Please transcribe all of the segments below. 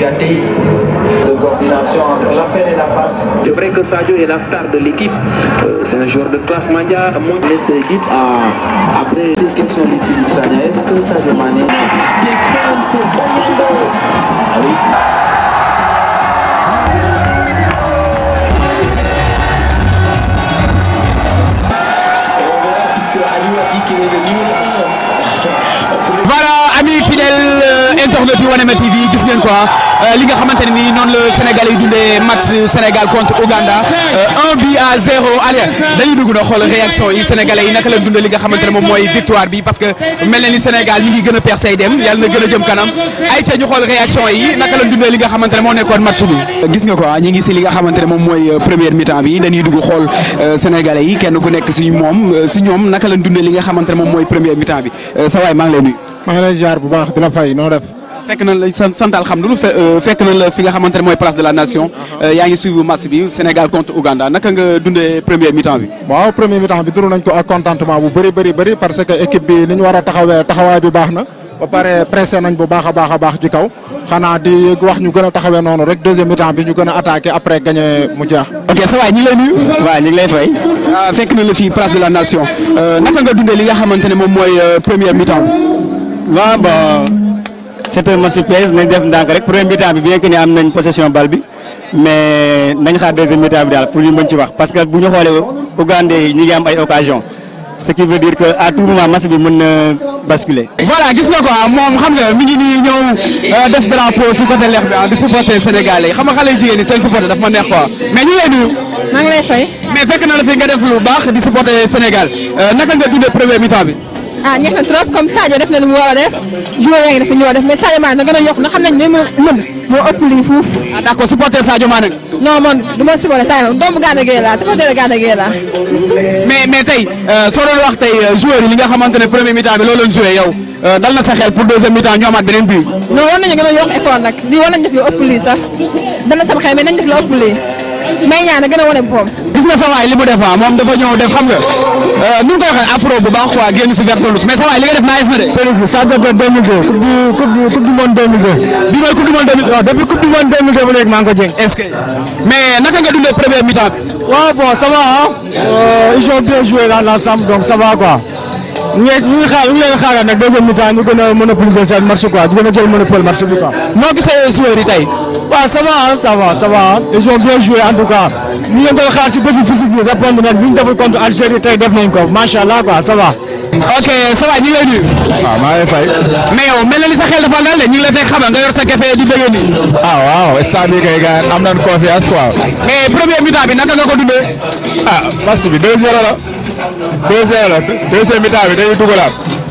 de coordination entre et la C'est vrai que Sadio est la star de l'équipe. Euh, c'est un joueur de classe mondiale. Mais c'est ah, après les questions de Est-ce que Sadio Mané ce bon ah Voilà, amis fidèles, euh, de quoi euh, li nga xamante non le Sénégalais yi match Sénégal contre Ouganda 1 euh, but à 0 Aliou dañuy dugg na réaction yi Sénégalais yi naka la le li nga xamante ne moom victoire bi parce que mel Sénégal mi ngi gën a percé ay dem yàlla na gën a jëm kanam ay ca ñu xool réaction yi naka la dundee li nga xamante ne moo match bi. gis nga quoi, ah, ñi ngi si li nga xamante ne moom euh, première mi-temps bi dañuy dugg xool Sénégalais yi kenn ku nekk si moom si ñoom naka la dundee li nga xamante ne moom première mi-temps bi sa waay m'a ngi lay nuyu. maa ngi jaar bu baax la fay non? def fait la sant alhamdulilah euh, fekk nañ la fi nga xamante ne place de la nation. Mhm. Euh, yaa ngi suivre match bi Sénégal contre Ouganda naka nga dundee premier mi-temps bi. waaw premier mi-temps bi duru nañ ko contentement bu bari bari bari parce que équipe bi niñ wara taxawé a bi baxna ba paré pressé nañ bu baxa baxa bax ci kaw xana di wax ñu gëna taxawé taxawee rek deuxième mi-temps bi ñu gëna a attaqué après gagner mu jeex. ok ça va ñi lay nuyu. waaw ñi lay fay. Euh, fekk na la fi place de la nation naka nga dundé li nga xamante mom moy premier mi-temps bi. waaw c'est un match piège nañ def ndànk rek premier mi-temps bien que ni am nañ possession balle bi mais nañ xaar deuxième mi-temps bi daal pour ñu mën ci wax parce que bu ñu xoolee Ougandais yi ñu ngi am ay occasion ce qui veut dire que à tout moment match bi mën na basculer. voilà gis nga quoi moom xam nga mi ngi nii ñëw euh, def drapeau si côté lex bi ah, di supporter Sénégalais yi xam nga xale jigéen ñi seen supporter daf neex quoi mais ñu lay nuyu. maa ngi lay fay. mais fekk na la fi nga def lu baax di supporter Sénégal euh, naka nga dundee premier mi-temps bi. ah neex na trop comme Sadio def na lu mu war a def joueur yaa ngi def lu ñu war a def gën a yokk ndax xam nañ ne moo mën moo ëpp lii fuuf. ah supporter Sadio Mané. non du ma supporter Sadio doomu Gana Gueye laa supporter Gana Gueye laa. mais tey euh, soo doon wax tey euh, joueur li nga xamante ne premier mi-temps bi loolu lañ euh, dal na sa xel pour deuxième mi-temps ñu beneen bi. non war nañu gën a yokk effort nag lii war nañu def def lu ëpp may ñaan a gën a wane boppam. gis nga sa waay li mu def waaw moom dafa ñëw def xam nga euh, nu nga ko afro bu baax quoi génn si version mais sa waay li nga def naa gis na de. Serif Sadaga 2002 coupe du coupe du monde 2002. bii mooy coupe du monde 2002 waaw depuis coupe du monde 2002 ba léegi maa ngi ko jéng. est-ce que mais naka nga dundee première mi-temps waaw bon ça va euh, bien joué dans l'ensemble donc ça va quoi. ñu ngi leen xaaral nag deuxième mi-temps ñu gën a monopoliser marché a jël monopole marché waaw ça va ça va ça va ils ont bien joué en tout cas ñu ngi doon si bëfi physique bi répondre nañ bi ñu defal contre Algérie tey def nañ ko macha allah quoi ça ok ça va ñu ngi lay nuyu. Ah, fay. mais yow mel na ni sa xel dafa dal de ñu ngi lay fekk xam nga yor sa café di bëgg ni. ah waaw stade bi kay gars am nañ confiance quoi. mais premier mi-temps bi naka nga ko dundee. ah match bi 2-0 la. 2-0 la deuxième mi-temps bi dañuy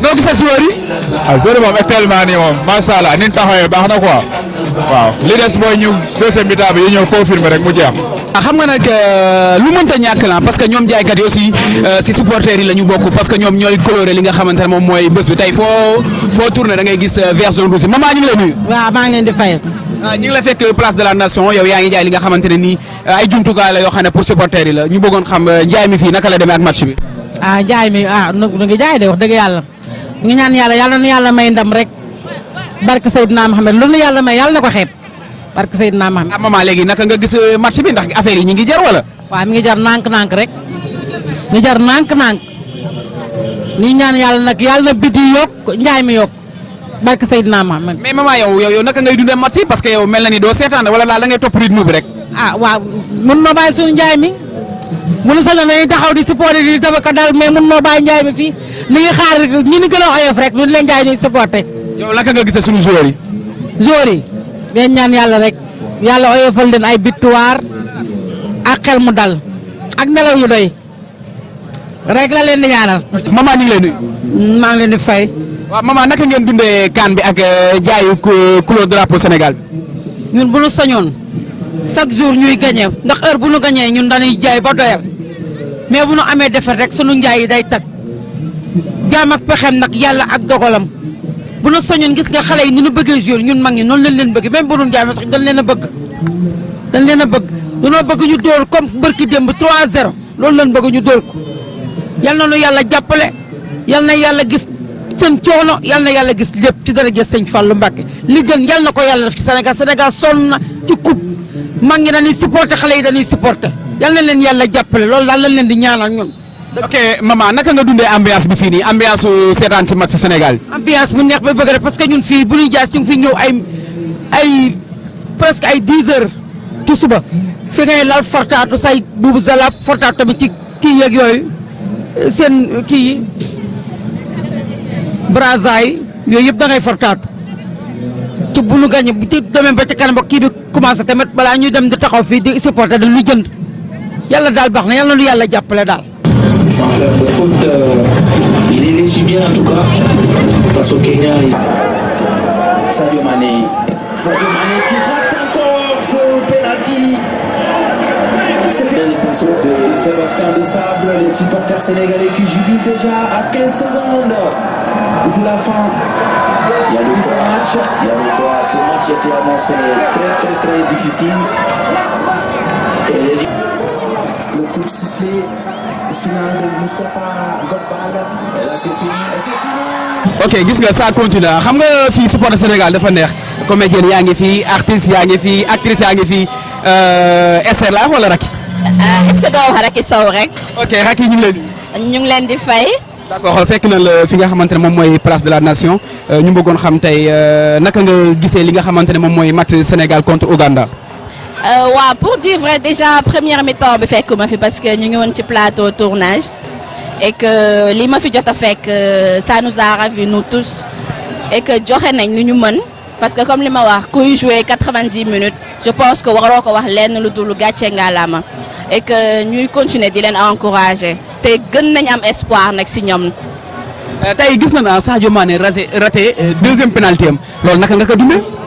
noo gisee joueur yi. ah joueur moom actuellement nii baax na quoi. waaw li des mooy ñu deuxième mi-temps bi ñu ñëw confirmer rek mu jeex. Ah, xam nga nag euh, lu mënta ñàkk la parce que ñoom jaaykat yi aussi euh, si supporter yi la ñu bokk parce que ñoom ñooy coloré li nga xamante ne moom mooy bés bi tey foo foo tourné da ngay gis euh, version rouge maman ñu ngi lay nuyu. waaw maa ngi leen di fay. Ah, ñu ngi la fekk place de la nation yow yaa ngi jaay li nga xamante ne nii ay jumtukaay la yoo xam pour supporters yi la ñu bëggoon xam njaay mi fii naka la demee ak match bi. ah njaay mi ah nu ngi jaay de wax dëgg yàlla ñu ngi ñaan yàlla yàlla na yàlla may ndam rek barke Seydina Mohamed lu nu yàlla may yàlla na ko xeeb barke Seydina Mohamed. ah maman léegi naka nga gis marché bi ndax affaire yi ñu ngi jar wala. waaw mi ngi jar nànk-nànk rek mi jar nànk-nànk ñi ñaan yàlla nag yàlla na biti yokk njaay mi yokk barke Seydina Mohamed. mais maman yow yow naka ngay dundee marché parce que yow mel na ni doo seetaan wala daal da ngay topp rythme bi rek. ah waaw mun di supporté di tabaka daal mais mun noo bàyyi njaay mi fii li ngi xaar ñi ni gën a oyof rek ñu leen jaay ñuy supporté yow ka nga gisse suñu joueurs yi. joueurs yi dañ ñaan yalla rek yàlla oyofal den ay yudai. Regla mu dal ak nelaw yu doy rek la leen di ñaanal. mama ñu leen ma nuyu. ngi leen di fay. wa mama naka ngeen dundé kan bi ak eh, jaayu couleur drapeau Sénégal ñun bu nu sañoon chaque jour ñuy gagné ndax heure bu nu gagné ñun dañuy jaay ba doyal mais bu nu amé rek suñu jaay yi day tak. jaam ak pexem nak yalla ak dogolam bu na soñoon gis nga xale yi ni ñu bëggee jouer ñun mag ñi noon lañ leen bëgg même bu doon jaay sax dañ leen a bëgg dañ leen a bëgg dañoo bëgg ñu dóor comme bërki démb 3 loolu lañ bëgg ñu dóor ko yal na nu yàlla jàppale yal na yàlla gis seen coono yal na yàlla gis lépp ci daraja sëñ Fallou Mbacké li gën yal na ko yàlla def ci senegal Sénégal sonn na ci coupe mag ñi dañuy supporter xale yi dañuy supporter yal na leen yàlla jàppale lool daal lañ leen di ñaanal ñun ok mama naka nga dundé ambiance bi fi ni ambiance su seetaan si match si Sénégal. ambiance bu neex ba bëgg rek parce que ñun fi bu ñu jass ñu fi ñëw ay ay presque ay 10 heures ci suba fi ngay lal fortaatu say bu zalaf fortaatu tamit ci ki yak yoy sen ki brazay yoy yooyu da ngay fortaatu ci bu ñu gagné bu ci demee ba ci kanam ki bi commencé tamit bala ñu dem di taxaw fi di supporter dañuy jënd yalla dal baxna yalla yàlla na lu yàlla jàppale daal. sans faire de foot, euh, il est suit bien en tout cas. Face au Kenya. Sadio Mané. Sadio Mané qui rate encore faux penalty. C'était les pinceaux de Sébastien de Sable, les supporters sénégalais qui jubilent déjà à 15 secondes de la fin. Il y a deux matchs, il y avait quoi Ce match était annoncé très très très difficile. Et le coup de sifflet final de Mustafa Gopal et là c'est fini et c'est fini. ok gis nga ça continue xam nga fi supporter Sénégal dafa neex Comédien ya nga fi artiste ya nga fi actrice ya nga fi Euh SR la wala Racky. Euh, est-ce que doo wax Racky Sow rek. ok Racky ñu leen ñu leen di fay. d'accord fekk na la fi nga xamantene mom moy place de la nation euh, ñu bëggoon xam tay euh, naka nga gisee li nga xamantene mom moy match Sénégal contre Ouganda waaw euh, pour dire vrai déjà première mi-temps fait comment fait parce que nous ngi woon ci plateau tournage et que li ma fi jot a euh, ça nous a ravi nous tous et que joxe nañ lu ñu parce que comme li ma wax kuy jouer 90 minutes je pense que waroo ko wax lenn lu dul gàcce et que ñuy continuer di leen encourager te gën nañ am espoir nag si euh, Tu as gis na Sadio Mane a raté deuxième pénalty am loolu nga ko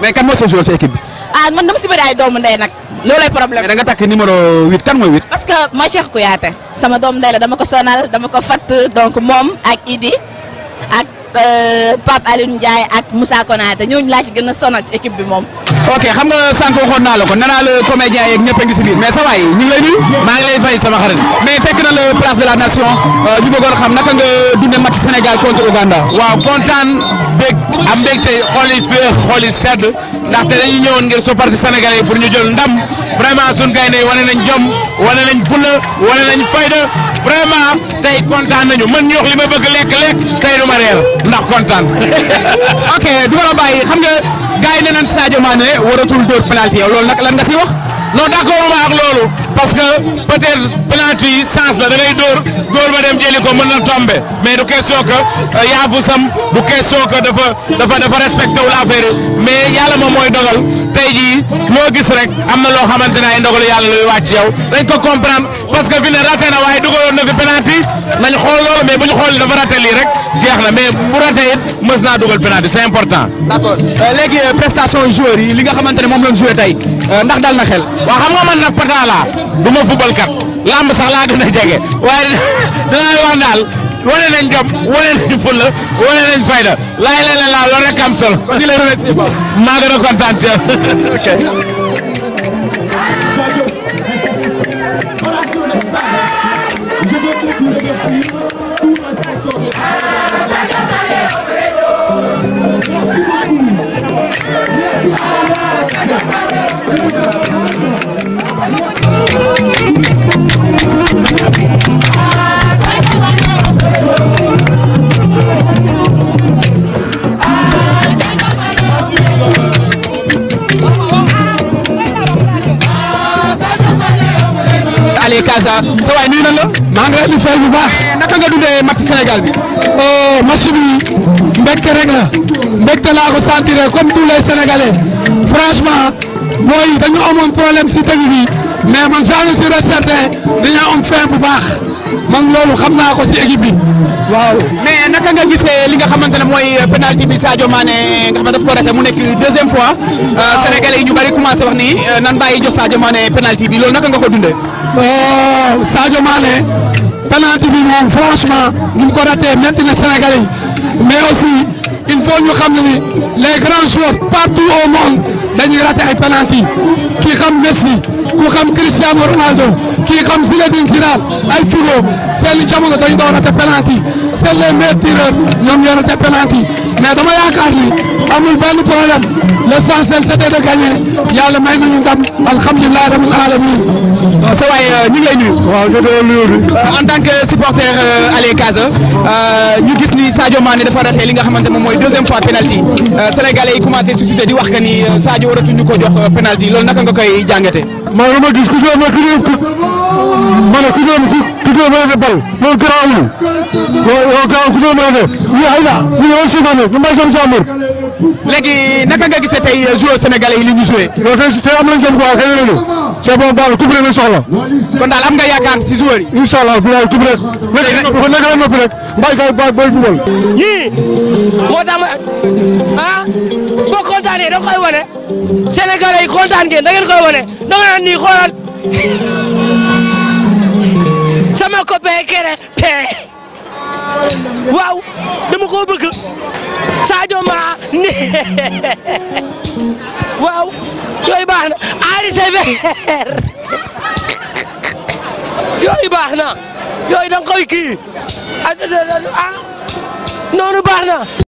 mais kan moo sa joueur sa équipe bi. ah man dama si bëri ay doomu ndey nag loolay problème. mais da nga takk numéro 8 kan mooy 8. parce que ma Cheikh sama doom ndey la dama ko sonal dama ko fatt donc moom ak Idi ak euh, Pape Alioune Ndiaye ak Moussa Konaté ñooñu laa ci gën a sonal ci équipe bi moom. ok xam nga sànq waxoon naa la ko nee la comédien yeeg ñëpp a ngi si biir mais sa waay ñu ngi lay nuyu. maa ngi lay fay sama xarit. mais fekk na la place de la nation euh, ñu bëggoon xam naka nga dundee match Sénégal contre Ouganda. waaw kontaan beeg am beeg tey xool yi féex xool yi sedd ndaxte dañu ñëwoon ngir supporter sénégalais pour ñu jël ndam vraiment sunu gaynde yi wane nañ jom wane nañ fulla wane nañ fayda vraiment tey kontaan nañu man ñoo xam li ma bëgg lek lekk tey du ma kontaan. gars yi nee nañ Sadio Mané waratul dóor penalty yow loolu nag lan nga si wax. non d'accord ma ak loolu parce que peut-être penalty sens la da ngay dóor dóor ma dem jëli ko mën na tombe mais du question que euh, yaafu sam du question que dafa dafa dafa respecté wul affaire mais yàlla moom mooy dogal tey jii noo gis rek am na loo xamante ne ay ndogalu yàlla luy wàcc yow dañ ko comprendre parce que fi ne raté na waaye dugaloon na fi penalty nañ xool loolu mais bu ñu xool dafa raté lii rek jeex na mais bu raté it mës naa dugal penalty c'est important. Euh, euh, yi li nga xamante ne moom lañ joué tey. Euh, ndax dal na xel. waaw xam nga man nag pata laa du ma fubal kat lamb sax laa gën a jege waaye dinaa wax daal wane nañ jom wane nañ fulla wane nañ fayda laay la la laa loolu rek am solo. kon ñu maa gën a kontaan maa ngi leen di fay bu baax. naka nga dundee match Sénégal bi. Oh, match bi mbégte rek la mbégte laa ko sentir comme tous les Sénégalais franchement mooy dañu amoon problème si début bi mais man j'en suis certain dañoo am fin bu baax. man loolu xam naa ko si équipe bi waaw. naka nga gisee li nga xamante ne mooy penalty bi Sadio Mané nga xam ne daf ko raté mu nekk deuxième fois. Euh, Sénégalais yi ñu bari commencé wax ni euh, nan bàyyi jox Sadio Mané penalty bi loolu naka nga ko dundee. waaw Sadio Mané bi moom franchement ni mu ko raté na Sénégalais yi aussi. il faut ñu xam ni les grands joueurs partout au monde dañuy raté ay penalty ki xam Messi ku xam Cristiano Ronaldo ki xam Zinedine Zidane ay Figo seen jamono dañu doon raté penalty c'est les meilleurs tireurs ñoom ñoo raté penalty mais dama yaakaar ni amul benn problème l'essentiel c'était de gagner yàlla may nañu ndam alhamdulilah rabbil alamin sa waay ñu ngi lay nuyu waaw jot a nuyu en tant que supporter Allez Casa ñu gis ni Sadio Mané dafa raté li nga xamante moom mooy deuxième fois penalty euh, sénégalais yi commencé suscité di wax que ni euh, Sadio waratuñu ko jox euh, penalty loolu naka nga koy jàngate. man li ma gis ku doon ku doon ma ne ku doon ku doon mën a def bal loolu garaawul loolu garaawul ku doon mën a def lii ay la ñu ngi woon si ma ne ñu may jëm si léegi naka nga gisee tey joueurs sénégalais yi li ñu joué. am nañu jom quoi xëy na loolu. c' est bon baax na coupe la ñu soxla. kon daal si joueurs yi. bu laal coupe rek. léegi noppi rek mbay kay baax booy football. yii moo tax ah, boo kontaanee da nga koy wane sénégalais yi kontaan ngeen da koy wane da nga naan nii xoolal sama copain kere pee. waaw dama koo bëgg Sadio Ma ni waaw yooyu baax na Ari Sévère yooyu baax na yooyu da nga koy kii ah, ah noonu baax na